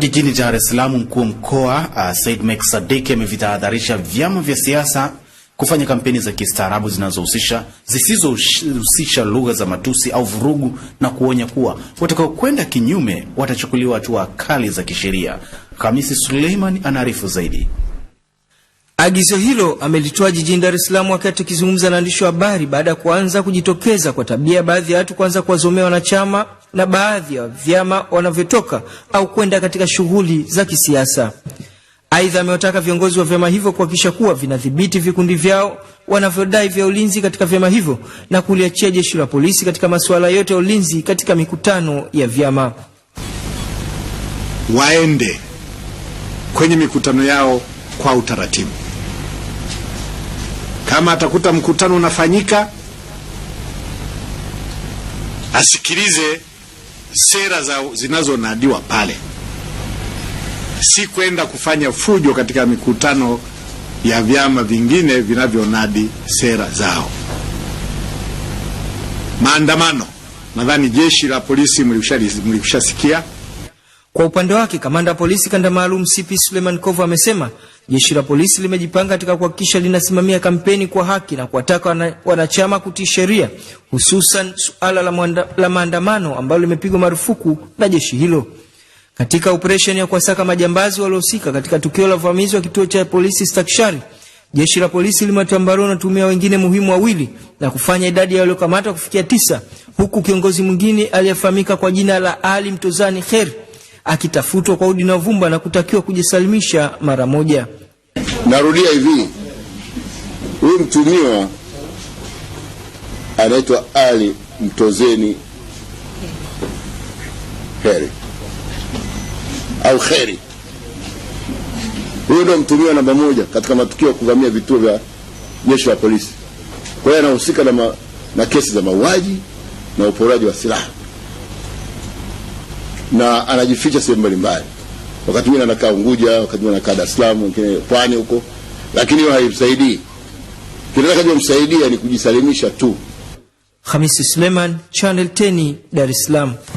Jijini Dar es Salaam, mkuu wa mkoa uh, Said Mek Sadiki amevitahadharisha vyama vya siasa kufanya kampeni za kistaarabu zinazohusisha zisizohusisha lugha za matusi au vurugu, na kuonya kuwa watakaokwenda kinyume watachukuliwa hatua kali za kisheria. Hamisi Suleiman anaarifu zaidi. Agizo hilo amelitoa jijini Dar es Salaam wakati akizungumza na waandishi wa habari baada ya kuanza kujitokeza kwa tabia ya baadhi ya watu kuanza kuwazomea wanachama la baadhi ya vyama wanavyotoka au kwenda katika shughuli za kisiasa. Aidha, amewataka viongozi wa vyama hivyo kuhakikisha kuwa vinadhibiti vikundi vyao wanavyodai vya ulinzi katika vyama hivyo na kuliachia jeshi la polisi katika masuala yote ya ulinzi katika mikutano ya vyama. Waende kwenye mikutano yao kwa utaratibu. Kama atakuta mkutano unafanyika asikilize sera zinazonadiwa pale, si kwenda kufanya fujo katika mikutano ya vyama vingine vinavyonadi sera zao. Maandamano nadhani jeshi la polisi mlikushasikia. Kwa upande wake kamanda wa polisi kanda maalum CP Suleiman Kovu amesema Jeshi la polisi limejipanga katika kuhakikisha linasimamia kampeni kwa haki na kuwataka wanachama kutii sheria, hususan suala la, muanda, la maandamano ambalo limepigwa marufuku na jeshi hilo. Katika operesheni ya kuwasaka majambazi waliohusika katika tukio la uvamizi wa kituo cha polisi Stakshari, jeshi la polisi limewatambarua wanatumia wengine muhimu wawili na kufanya idadi ya waliokamatwa kufikia tisa, huku kiongozi mwingine aliyefahamika kwa jina la Ali Mtozani Kheri akitafutwa kwa udi na vumba na kutakiwa kujisalimisha mara moja. Narudia hivi, huyu mtumiwa anaitwa Ali Mtozeni Heri au Heri. Huyu ndo mtumiwa namba moja katika matukio ya kuvamia vituo vya jeshi la polisi. Kwa hiyo anahusika na, na kesi za mauaji na uporaji wa silaha na anajificha sehemu mbalimbali, wakati mwingine anakaa Unguja, wakati mwingine anakaa Dar es Salaam, wengine pwani huko, lakini hiyo haimsaidii. msaidia ni kujisalimisha tu. Hamisi Suleiman, Channel 10, Dar es Salaam.